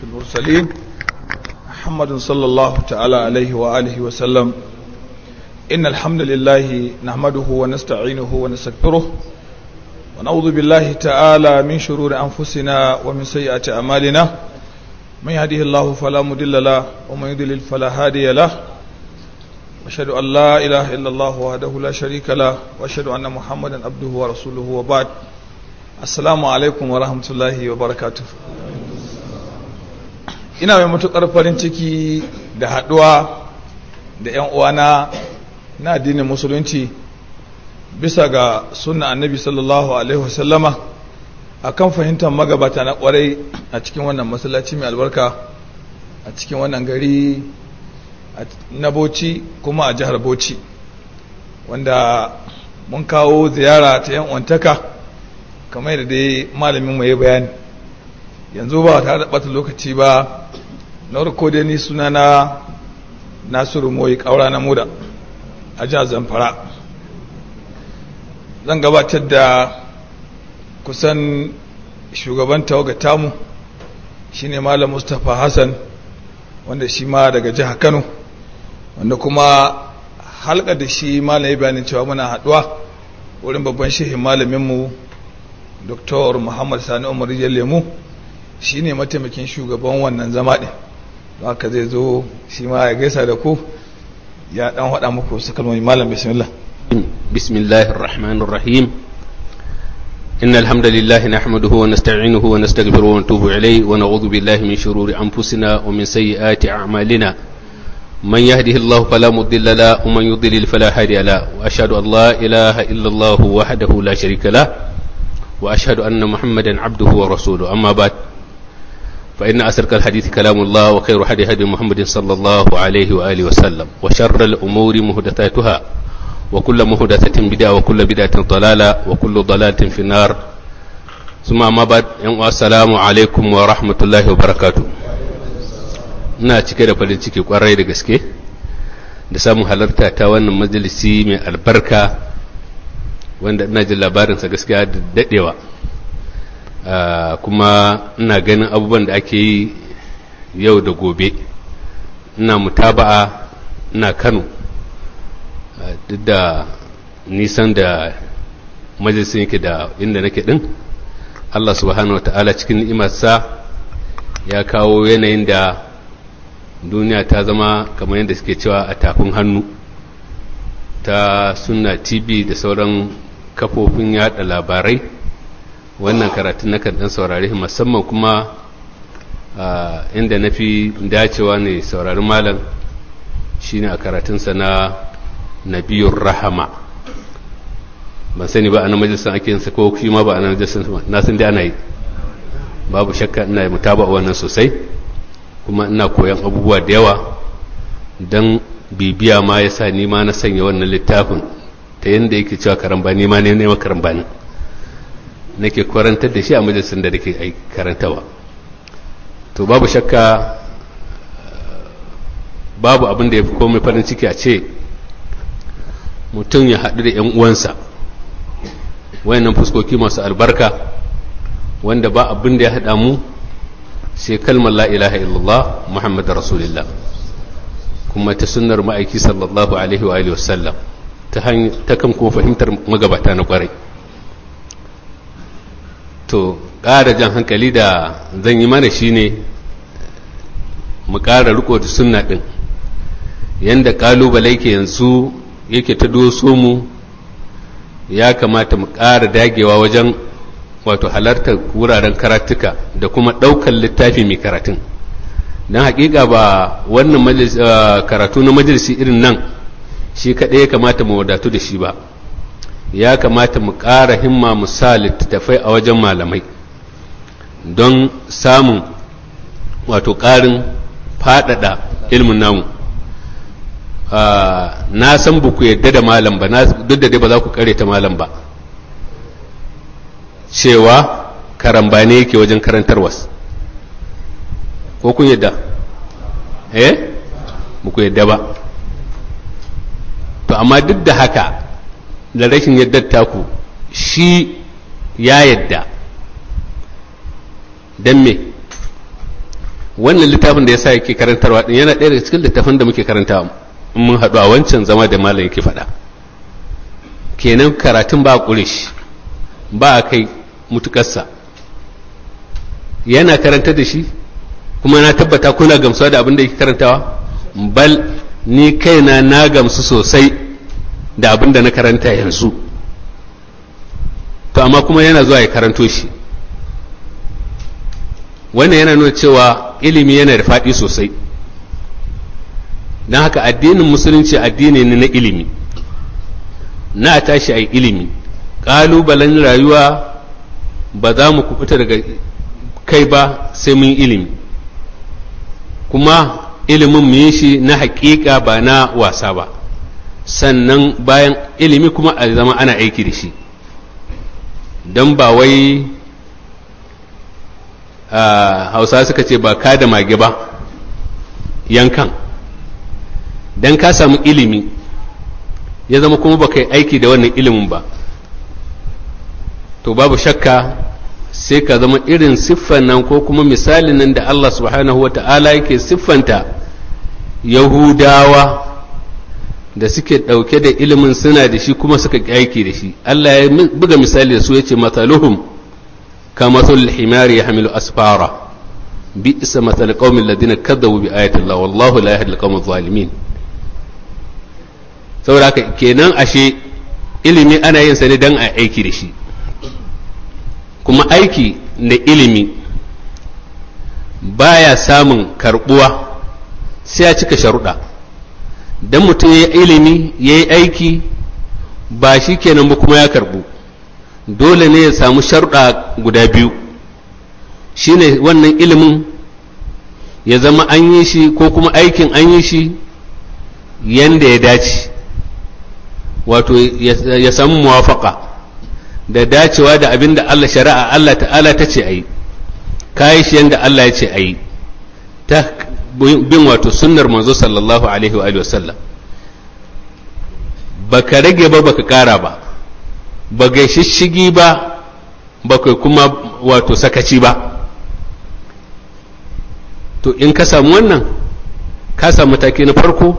في المرسلين محمد صلى الله تعالى عليه وآله وسلم إن الحمد لله نحمده ونستعينه ونستغفره ونعوذ بالله تعالى من شرور أنفسنا ومن سيئات أعمالنا من يهده الله فلا مضل له ومن يضلل فلا هادي له أشهد أن لا إله إلا الله وحده لا شريك له وأشهد أن محمدا عبده ورسوله وبعد السلام عليكم ورحمة الله وبركاته ina mai matuƙar farin ciki da haɗuwa da 'yan uwana na addinin musulunci bisa ga sunna annabi sallallahu alaihi wasallama a kan fahimtar magabata na ƙwarai a cikin wannan masallaci mai albarka a cikin wannan gari na bauchi kuma a jihar bauchi wanda mun kawo ziyara ta 'yan uwantaka kamar da dai malamin mu ya bayani yanzu ba tare da ɓata lokaci ba na farko dai ni suna na nasiru moyi ƙaura na muda a jihar zamfara zan gabatar da kusan shugaban tawaga tamu shine malam mustapha hassan wanda shi ma daga jihar kano wanda kuma halka da shi malam ya bayanin cewa muna haɗuwa wurin babban shehin malaminmu dr muhammad sani umar lemu shine mataimakin shugaban wannan zama ɗin haka zai zo shi ma ya gaisa da ku ya dan faɗa muku su kalmomi malam bismillah bismillahir rahmanir rahim إن الحمد لله نحمده ونستعينه ونستغفره ونتوب إليه ونعوذ بالله من شرور أنفسنا ومن سيئات أعمالنا من يهده الله فلا مضل له ومن يضلل فلا هادي له وأشهد أن لا إله إلا الله وحده لا شريك له وأشهد أن محمدا عبده ورسوله أما بعد فإن أسرق الحديث كلام الله وخير حدي هدي محمد صلى الله عليه وآله وسلم وشر الأمور مهدثاتها وكل مهدثة بدعة وكل بدعة ضلالة وكل ضلالة في النار ثم ما بعد السلام عليكم ورحمة الله وبركاته ina cike da farin ciki kwarai da gaske da samun halarta ta wannan majalisi mai albarka wanda ina jin labarinsa gaskiya da dadewa Ah, kuma ina ganin abubuwan da ake yi yau da gobe ina mutaba'a ina kano ah, duk da nisan da majalisun yake da inda nake din allah subhanahu wa ta'ala cikin ni'imarsa ya kawo yanayin da duniya ta zama kamar yadda suke cewa a tafin hannu ta sunna tv da sauran kafofin yada labarai wannan karatun na dan saurari musamman kuma inda na fi dacewa ne saurari malam shine a karatunsa na nabiyun rahama ban sani ba a nan majalisar ake yin ko kuma ma ba a nan majalisar na sun da ana yi babu shakka ina yi mutaba wannan sosai kuma ina koyan abubuwa da yawa don bibiya ma ya sa nima na sanya wannan littafin ta yadda yake cewa karamba nima ne ne karamba nake karantar da shi a majalisar da nake karantawa to babu shakka babu abin da ya fi komai farin ciki a ce mutum ya haɗu da 'yan uwansa wayannan fuskoki masu albarka wanda ba abin da ya haɗa mu sai kalmar la ilaha illallah muhammadu rasulillah kuma ta sunnar ma'aiki sallallahu alaihi wa sallam ta kan kuma fahimtar magabata na kwarai to ƙara jan hankali da zan yi mana shi ne mu ƙara riko da sunna ɗin yadda ƙalubale ke yanzu yake ta doso mu ya kamata mu ƙara dagewa wajen wato halartar wuraren karatuka da kuma ɗaukar littafi mai karatun don haƙiƙa ba wannan eh, karatu na majalisi irin nan shi kaɗai ya kamata mu wadatu da shi ba ya kamata mu ƙara himma mu sa littattafai a wajen malamai don samun wato ƙarin faɗaɗa ilmin namu ah, na san ba ku yadda da malam ba duk da dai ba za ku kare ta malam ba cewa karambane yake wajen karantarwas ko kun yadda eh ba ku yadda ba to amma duk da haka da rashin yadda taku shi ya yadda don me wannan littafin da ya sa yake karantarwa din yana ɗaya daga cikin littafin da muke karantawa mun haɗu a wancan zama da malam yake faɗa kenan karatun ba a shi ba a kai mutukarsa yana karanta da shi kuma na tabbata kuna gamsuwa da abin da yake karantawa bal ni kaina na gamsu sosai da abin da na karanta yanzu to amma kuma yana zuwa ya karanto shi wannan yana nuna cewa ilimi yana da faɗi sosai don haka addinin musulunci addini ne na ilimi na tashi a ilimi ƙalubalen rayuwa ba za mu kufuta daga kai ba sai mun ilimi kuma ilimin mu yi shi na haƙiƙa ba na wasa ba sannan bayan ilimi kuma a zama ana aiki da shi don ba wai hausa suka ce ba ka da mage ba yankan don ka samu ilimi ya zama kuma ba ka yi aiki da wannan ilimin ba to babu shakka sai ka zama irin siffan nan ko kuma misalin nan da Allah subhanahu wa ta'ala yake siffanta yahudawa da suke ɗauke da ilimin suna da shi kuma suka aiki da shi Allah ya buga misali da su ya ce mataluhum ka matul himari ya hamilu asfara bi isa matal qaumin ladina kadzabu bi ayati Allah wallahu la yahdi zalimin saboda haka kenan ashe ilimi ana yin sa ne dan a aiki da shi kuma aiki da ilimi baya samun karbuwa sai ya cika sharuɗa dan mutum ya ilimi ya yi aiki ba shi kenan ba kuma ya karbu dole ne ya samu sharɗa guda biyu shi ne wannan ilimin ya zama an yi shi ko kuma aikin an yi shi yadda ya dace wato ya samu muwafaka da dacewa da abin da Allah shari'a Allah ta'ala ta ce a yi kayi shi yadda Allah ya ce a yi ta bin wato sunnar manzo sallallahu alaihi wa sallam baka rage ba baka kara ba ba shishigi ba kai kuma wato sakaci ba to in ka samu wannan ka samu mataki na farko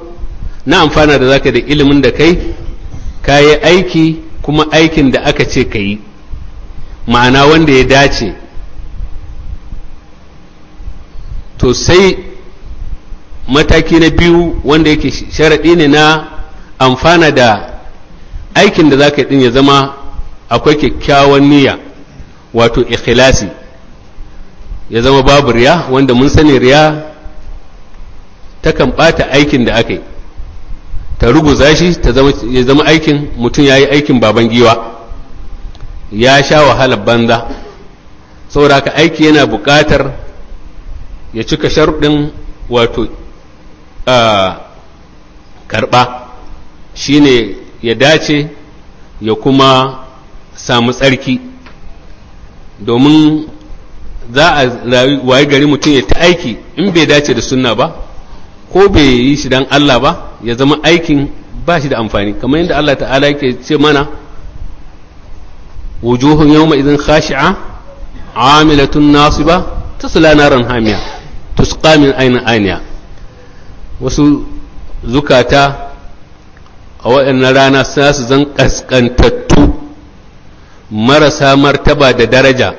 na amfana da zaka da ilimin da kai ka aiki kuma aikin da aka ce ka yi ma'ana wanda ya dace to sai mataki na biyu wanda yake sharaɗi ne na amfana da aikin da za ka yi ya zama akwai kyakkyawan niyya wato Ikhilasi ya zama babu riya wanda mun sani riya takan ɓata aikin da aka yi ta ruguza shi ya zama aikin mutum ya yi aikin baban giwa ya sha wahalar banza saboda haka aiki yana buƙatar ya cika sharuɗin wato karɓa shine ya dace ya kuma samu tsarki domin za a waye gari mutum ya ta aiki in bai dace da sunna ba ko bai yi shi don Allah ba ya zama aikin ba shi da amfani kamar yadda Allah ta'ala yake ce mana wujuhun yau idan khashi'a amilatun ba ta naran hamiya tusqa min ainihin aniya wasu zukata a waɗannan rana sa su zan ƙasƙantattu marasa martaba da daraja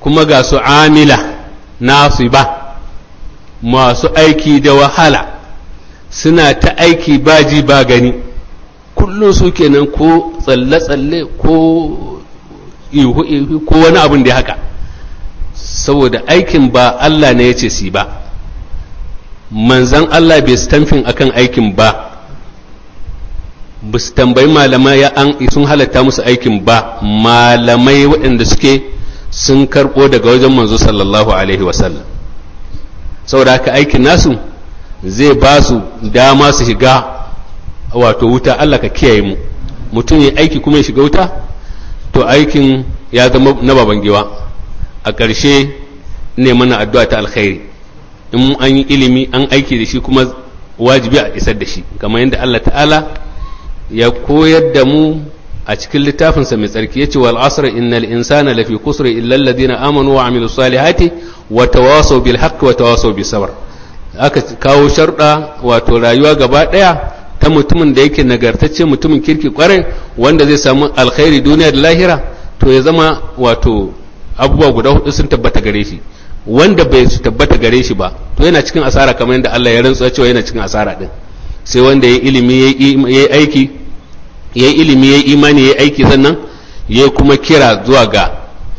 kuma ga su amila nasu ba masu aiki da wahala suna ta aiki baji ba gani kullum su kenan ko tsalle-tsalle ko ihu-ihu ko wani abin da haka saboda aikin ba Allah ne ya ce si ba manzan Allah bai stamfin akan aikin ba ba su tambayi malamai ya an sun halatta musu aikin ba malamai waɗanda suke sun karɓo daga wajen manzo sallallahu alaihi wasallam saboda haka aikin nasu zai ba su dama su shiga wato wuta Allah ka kiyaye mu mutum ya aiki kuma ya shiga wuta to aikin ya zama na babangewa a ƙarshe ne mana addu'a ta alkhairi in an yi ilimi an aiki da shi kuma wajibi a isar da shi kamar yadda Allah ta'ala ya koyar da mu a cikin littafinsa mai tsarki ya ce wal asr innal insana lafi kusri illa alladhina amanu wa amilu salihati wa tawasaw bil haqq wa tawasaw bis sabr aka kawo sharda wato rayuwa gaba daya ta mutumin da yake nagartacce mutumin kirki kwarai wanda zai samu alkhairi duniya da lahira to ya zama wato abubuwa guda hudu sun tabbata gare shi wanda bai su tabbata gare shi ba to yana cikin asara kamar yadda Allah ya rantsa cewa yana cikin asara din sai wanda ya ilimi ya aiki ya ilimi ya imani ya aiki sannan ya kuma kira zuwa ga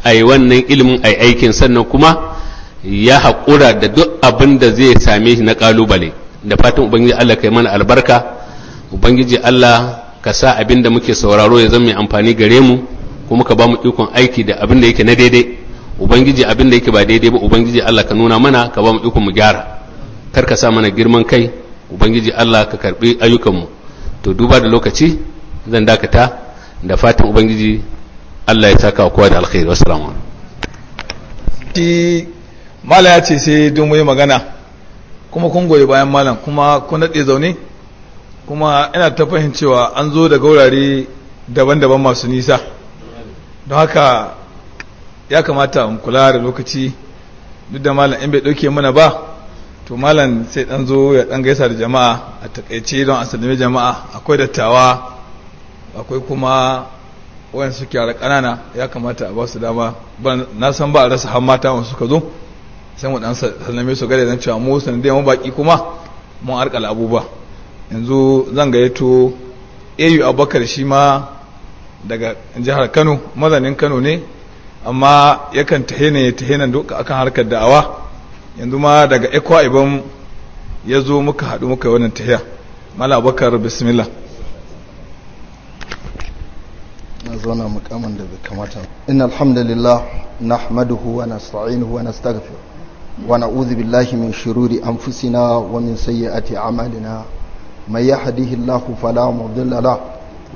ai wannan ilimin ai aikin sannan kuma ya haƙura da duk abin da zai same shi na kalubale da fatan ubangiji Allah kai mana albarka ubangiji Allah ka sa abin da muke sauraro ya zama mai amfani gare mu kuma ka ba mu ikon aiki da abin da yake na daidai ubangiji abin da yake ba daidai ba ubangiji Allah ka nuna mana ka ba mu iko mu gyara kar ka sa mana girman kai ubangiji Allah ka karbi ayyukanmu to duba da lokaci zan dakata da fatan ubangiji Allah ya saka kowa da alkhairi wassalamu alaikum mala ya ce sai don mu magana kuma kun goyi bayan malam kuma kun nade zaune kuma ina ta fahimcewa an zo daga wurare daban-daban masu nisa don haka ya kamata in kula da lokaci duk da malam in bai ɗauke mana ba to malam sai ɗan zo ya ɗan gaisa da jama'a a takaice don a sallame jama'a akwai dattawa akwai kuma wayan suke yara ƙanana ya kamata a ba su dama na san ba a rasa har mata wasu suka zo sai mu ɗan sallame su gare zan cewa mu sanadiyar mu baƙi kuma mun arƙala abubuwa yanzu zan gayyato ayu abubakar shi ma daga jihar kano mazanin kano ne amma yakan tahina ya tahina duk akan harkar da'awa yanzu ma daga ikwa ibn ya zo muka haɗu muka yi wannan tahiya mala bakar bismillah na na mukamman da bai kamata in alhamdulillah nahmaduhu wa nasta'inuhu wa min shiruri an fusina, wa min ومن سيئات Amalina. من ya الله فلا مضل له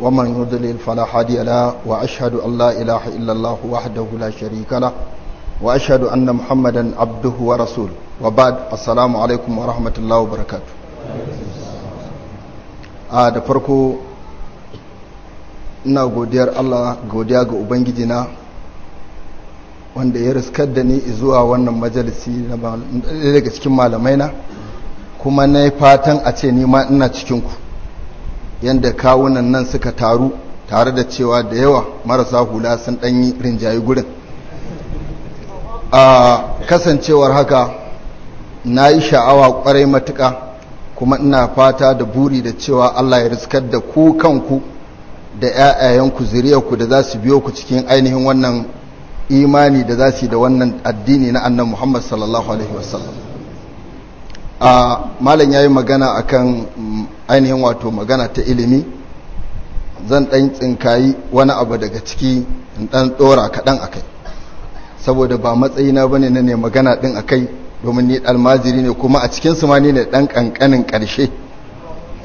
ومن يضلل فلا هادي له وأشهد أن لا إله إلا الله وحده لا شريك له وأشهد أن محمدا عبده ورسوله وبعد السلام عليكم ورحمة الله وبركاته a da farko ina godiyar Allah godiya ga Ubangijina wanda ya riskar da ni zuwa wannan majalisi na daga cikin malamai na kuma na fatan a ce nima ina cikinku yadda kawunan nan suka taru tare da cewa da yawa marasa hula sun ɗanyi rinjaye gurin a kasancewar haka na yi sha'awa ƙwarai matuka, kuma ina fata da buri da cewa allah ya riskar da ku kanku da 'ya'yayenku zuriyarku da za su biyo ku cikin ainihin wannan imani da za su yi da wannan addini na annan muhammad sallallahu alaihi wasallam a malam ya yi magana akan mm, ainihin wato magana ta ilimi zan ɗan tsinkayi wani abu daga ciki in ɗan ɗora kaɗan akai saboda ba matsayina ba ne na ne magana ɗin akai domin ni almajiri ne kuma a cikin su ma ni ne ɗan ƙanƙanin ƙarshe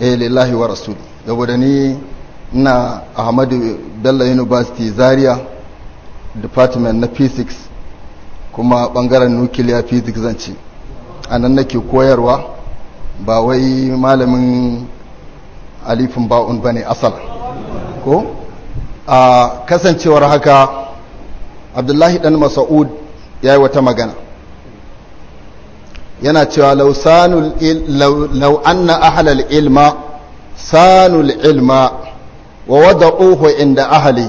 eh lillahi wa rasul saboda ni ina ahmadu bello university zaria department na physics kuma ɓangaren nuclear physics zan ce a nan nake koyarwa ba wai malamin alifin ba'un ba ne asal ko a kasancewar haka abdullahi dan masa'ud ya yi wata magana yana cewa lau anna ahalal ilma sanul ilma wa wadda wada'uhu inda ahali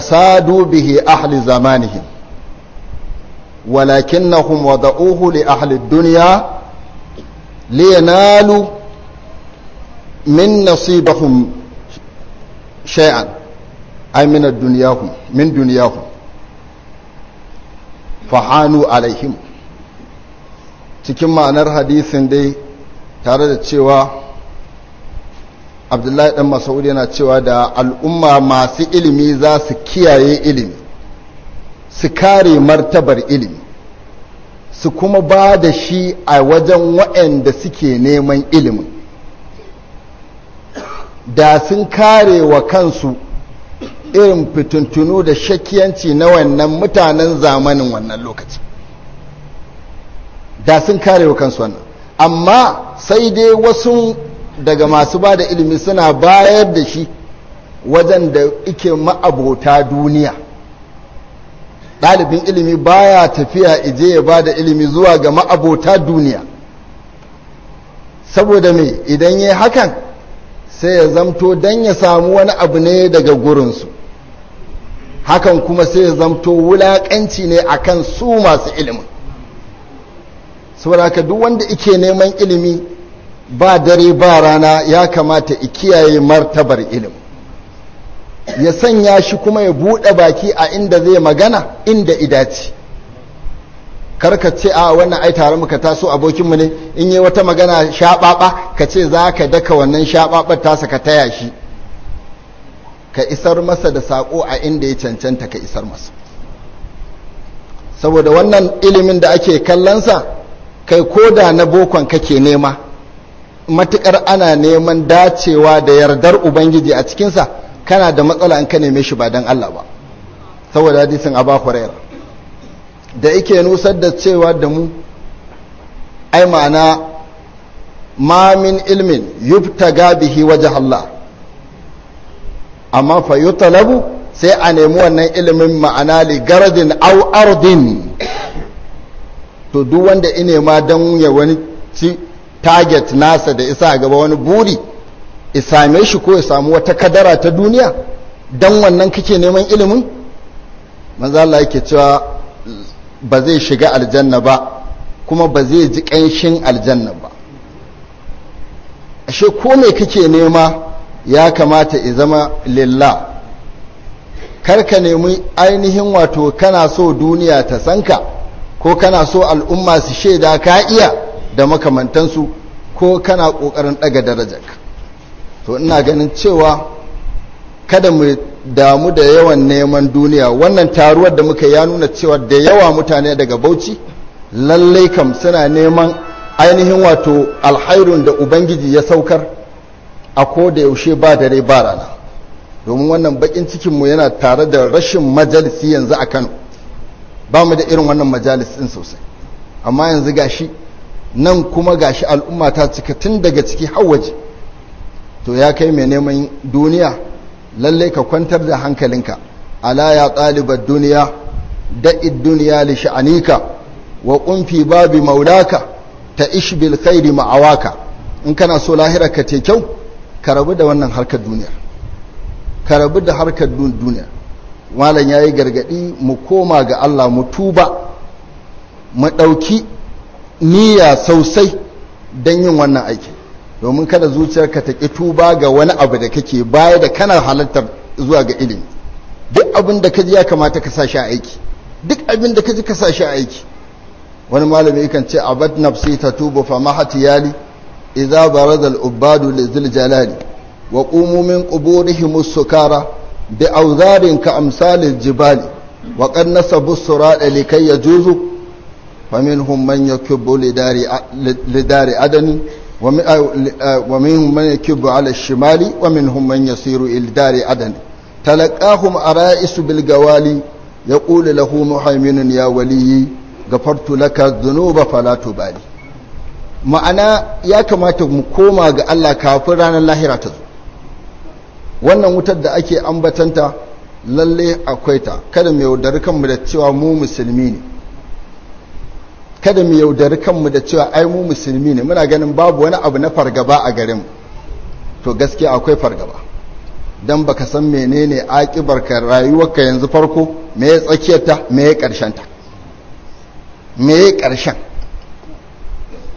sadu bihi ahli zamanihim ولكنهم وضعوه لأهل الدنيا لينالوا من نصيبهم شيئا أي من دنياهم من دنياهم fahanu alaihim cikin ma'anar hadisin dai tare da cewa abdullahi dan masaudi yana cewa da al'umma masu ilimi za su kiyaye ilimi su kare martabar ilimi su kuma ba da shi a wajen waɗanda suke neman ilimin da sun kare wa kansu irin fitintunu da shakiyanci na wannan mutanen zamanin wannan lokaci da sun kare wa kansu wannan amma sai dai wasu daga masu ba da ilimi suna bayar da shi wajen da ike ma'abota duniya ɗalibin ilimi baya tafiya ije ya ba da ilimi zuwa ga ma'abota duniya saboda me idan ya hakan sai ya zamto don ya samu wani abu ne daga gurinsu hakan kuma sai ya zamto wulaƙanci ne a kan su masu ilimin saboda ka duk wanda ike neman ilimi ba dare ba rana ya kamata ikiyaye martabar ilimi ya sanya shi kuma ya buɗe baki a inda zai magana inda idaci karka ce a wannan ai tare muka taso abokinmu ne in yi wata magana shaɓaɓa ka ce za ka daka wannan shaɓaɓar tasa ka taya shi ka isar masa da sako a inda ya cancanta ka isar masa saboda wannan ilimin da ake kallonsa kai ko da na bokon kake nema matukar ana neman dacewa da yardar ubangiji a cikinsa kana da matsala in ka neme shi ba dan Allah ba saboda hadisin Abu Hurairah da yake nusar da cewa da mu ai ma'ana ma min ilmin yubtaga bihi waje Allah amma fa yutalabu sai a nemi wannan ilimin ma'ana li garadin au ardin to duk wanda ina ma dan ya wani target nasa da isa gaba wani buri same shi ko ya samu wata kadara ta duniya don wannan kake neman ilimin manzo yake cewa ba zai shiga aljanna ba kuma ba zai ji ƙanshin aljanna ba ashe ko mai kake nema ya kamata i zama lilla karka nemi ainihin wato kana so duniya ta sanka ko kana so al'umma su shaida ka iya da makamantansu ko kana ƙoƙarin ɗaga darajarka to ina ganin cewa kada mu damu da yawan neman duniya wannan taruwar da muka ya nuna cewa da yawa mutane daga bauchi lallai kam suna neman ainihin wato alhairun da ubangiji ya saukar a ko da yaushe ba dare ba rana domin wannan bakin cikinmu yana tare da rashin majalisi yanzu a kano ba mu da irin wannan majalis din sosai amma yanzu gashi nan kuma gashi al'umma ta cika tun daga ciki har waje to ya kai mai neman duniya lallai ka kwantar da hankalinka ala ya ɗalibar duniya da'id duniya li sha'anika wa ƙumfi babi maulaka ta ishbil khairi ma'awaka in kana so lahira ka ce kyau ka rabu da wannan harkar duniya ka rabu da harkar duniya malam ya yi gargaɗi mu koma ga Allah mu tuba mu ɗauki niyya sosai don yin wannan aiki domin kada zuciyarka ta ƙi tuba ga wani abu da kake baya da kana halartar zuwa ga ilimi duk abin da ka ya kamata ka sa shi a aiki duk abin da ka ka sa shi a aiki wani malami kan ce abad nafsi ta tubu fa mahatiyali idza barada al-ubadu li zil jalali wa qumu min quburihim sukara bi awzarin ka al jibali wa qad nasabu surada likay yajuzu faminhum man dari li lidari adani ومنهم من يكب على الشمال ومنهم من يصير إلى دار عدن تلقاهم أرائس بالقوالي يقول له محيمن يا ولي غفرت لك الذنوب فلا تبالي ma'ana ya kamata mu koma ga Allah kafin ranar lahira ta zo wannan wutar da ake ambatanta lalle akwai ta kada mu yaudari kanmu da cewa mu musulmi ne kada mu yaudari kanmu da cewa ai mu musulmi ne muna ganin babu wani abu na fargaba a garin to gaskiya akwai fargaba dan baka san menene akibar ka rayuwar ka yanzu farko me ya tsakiyarta me ya karshen ta me ya karshen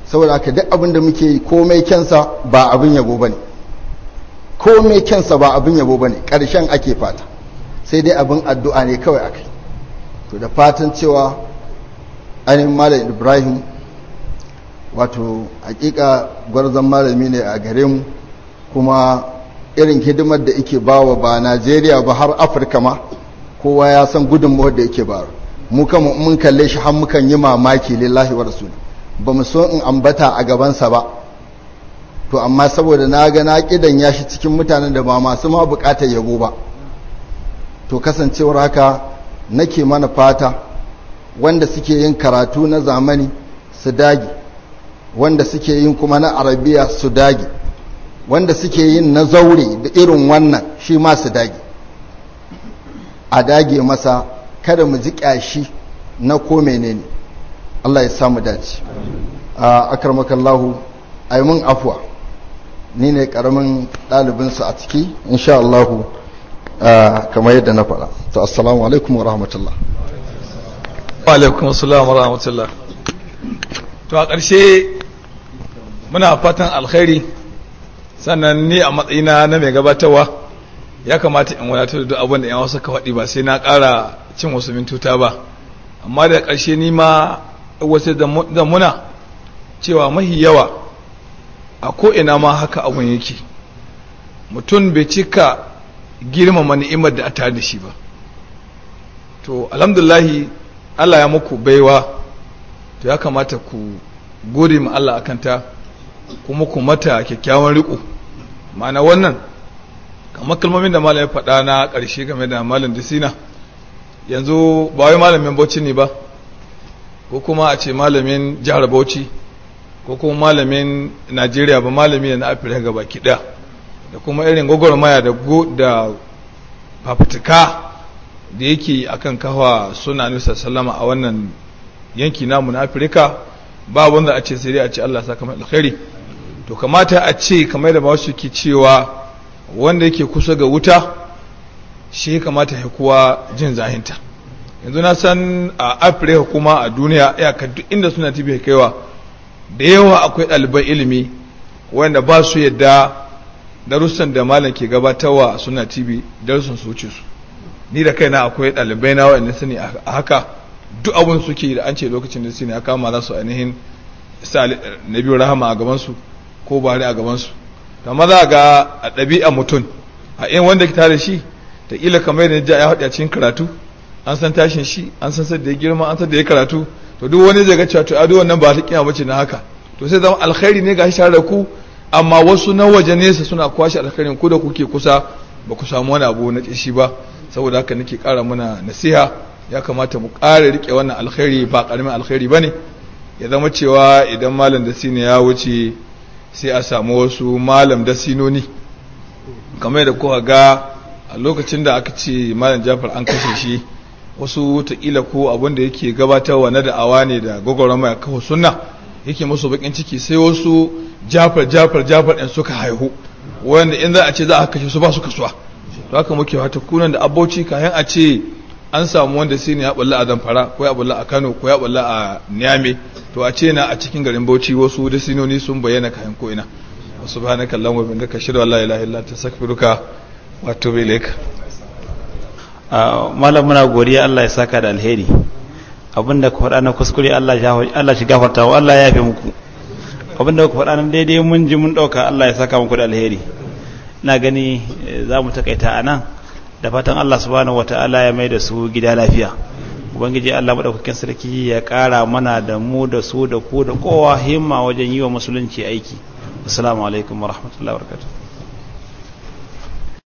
saboda ka duk abin da muke yi komai kyansa ba abin yabo bane komai kyansa ba abin yabo bane karshen ake fata sai dai abin addu'a ne kawai akai to da fatan cewa ainihin malam ibrahim wato hakika gwarzon malami ne a gare mu kuma irin hidimar da ike bawa ba najeriya ba har afirka ma kowa ya san gudunmawar da yake ba mu kama mun kalle shi har mukan yi mamaki lillahi wa rasul ba mu so in ambata a gabansa ba to amma saboda na ga na kidan ya shi cikin mutanen da ba masu ma bukatar yabo ba to kasancewar haka nake mana fata wanda suke yin karatu na zamani su dage wanda suke yin kuma na arabiya su dage wanda suke yin na zaure da irin wannan shi ma su dage a dage masa kada mu ji ƙyashi na ko ne. Allah ya samu dace a akarmakallahu ai mun afuwa ni ne karamin ɗalibinsu a ciki insha Allahu kamar yadda na faɗa to assalamu alaikum wa rahmatullah alaikun rahmatullah to a ƙarshe muna fatan alkhairi sannan ni a matsayina na mai gabatarwa ya kamata in wadatar da abin da yan wasu ka faɗi ba sai na ƙara cin wasu mintuta ba amma da ƙarshe ni ma wasu da muna cewa mahi yawa a ko'ina ma haka abun yake mutum bai cika girmama ni'imar da a tare da shi ba to alhamdulahi Allah ya muku baiwa to ya kamata ku gode ma Allah akan ta kuma ku mata kyakkyawan riko ma'ana wannan kamar kalmomin da malam ya faɗa na ƙarshe game da malam disina yanzu ba wai malamin bauchi ne ba ko kuma a ce malamin jihar bauchi ko kuma malamin najeriya ba malami na afirka gaba kiɗa da kuma irin gwagwarmaya da fafutuka da yake akan kawa suna nisa sallama a wannan yanki namu na afirka ba wanda a ce sai dai a ce allah saka mai alkhairi to kamata a ce kamar da masu ke cewa wanda yake kusa ga wuta shi kamata ya kuwa jin zahinta yanzu na san a afirka kuma a duniya iyakar duk inda suna tibi kaiwa da yawa akwai ɗaliban ilimi wanda ba su yadda darussan da malam ke gabatarwa a suna tibi darussan su wuce su ni da kaina akwai ɗalibai na wa'in su ne a haka duk abin suke da an ce lokacin da su ne aka ma za su ainihin na biyu rahama a gabansu ko bari a gabansu ta maza ga a ɗabi'a mutum a in wanda ke da shi ta ila kamar yadda ya a cikin karatu an san tashin shi an san sadda ya girma an san ya karatu to duk wani zai ga cewa to ado wannan ba ta kiyama bace na haka to sai zama alkhairi ne ga shi tare da ku amma wasu na waje nesa suna kwashe alkhairin ku da kuke kusa ba ku samu wani abu na ƙishi ba saboda haka nake kara muna nasiha ya kamata mu ƙara rike wannan alkhairi ba karamin alkhairi bane ya zama cewa idan malam sino ya wuce sai a samu wasu malam dasinoni kamar da kuka ga a lokacin da aka ce malam jafar an kashe shi wasu wataƙila ko abin da yake gabatarwa na da'awa ne da gwagwaron mai kawo sunna yake musu bakin ciki sai wasu jafar jafar jafar ɗin suka haihu wanda in za a ce za a kashe su ba su kasuwa to haka muke wata kunan da abauci kayan a ce an samu wanda sai ne ya balla a zamfara ko ya balla a kano ko ya balla a niame to a ce na a cikin garin bauchi wasu da sinoni sun bayyana kayan ko ina ba na kallon wabin ashhadu an la ilaha illa ta astaghfiruka wa atubu ilaik ah, malam muna godiya Allah ya saka da alheri abinda ku faɗa na kuskure Allah shi gafarta wa Allah ya yafe muku abinda ku faɗa nan daidai mun ji mun ɗauka Allah ya saka muku da alheri na gani eh, za mu takaita a nan da fatan Allah subhanahu wata'ala ya mai da su gida lafiya ubangiji Allah madaukakin sarki ya ƙara mana da mu da su da ku da kowa himma wajen yi wa musulunci aiki assalamu alaikum warahmatullahi wabarakatuh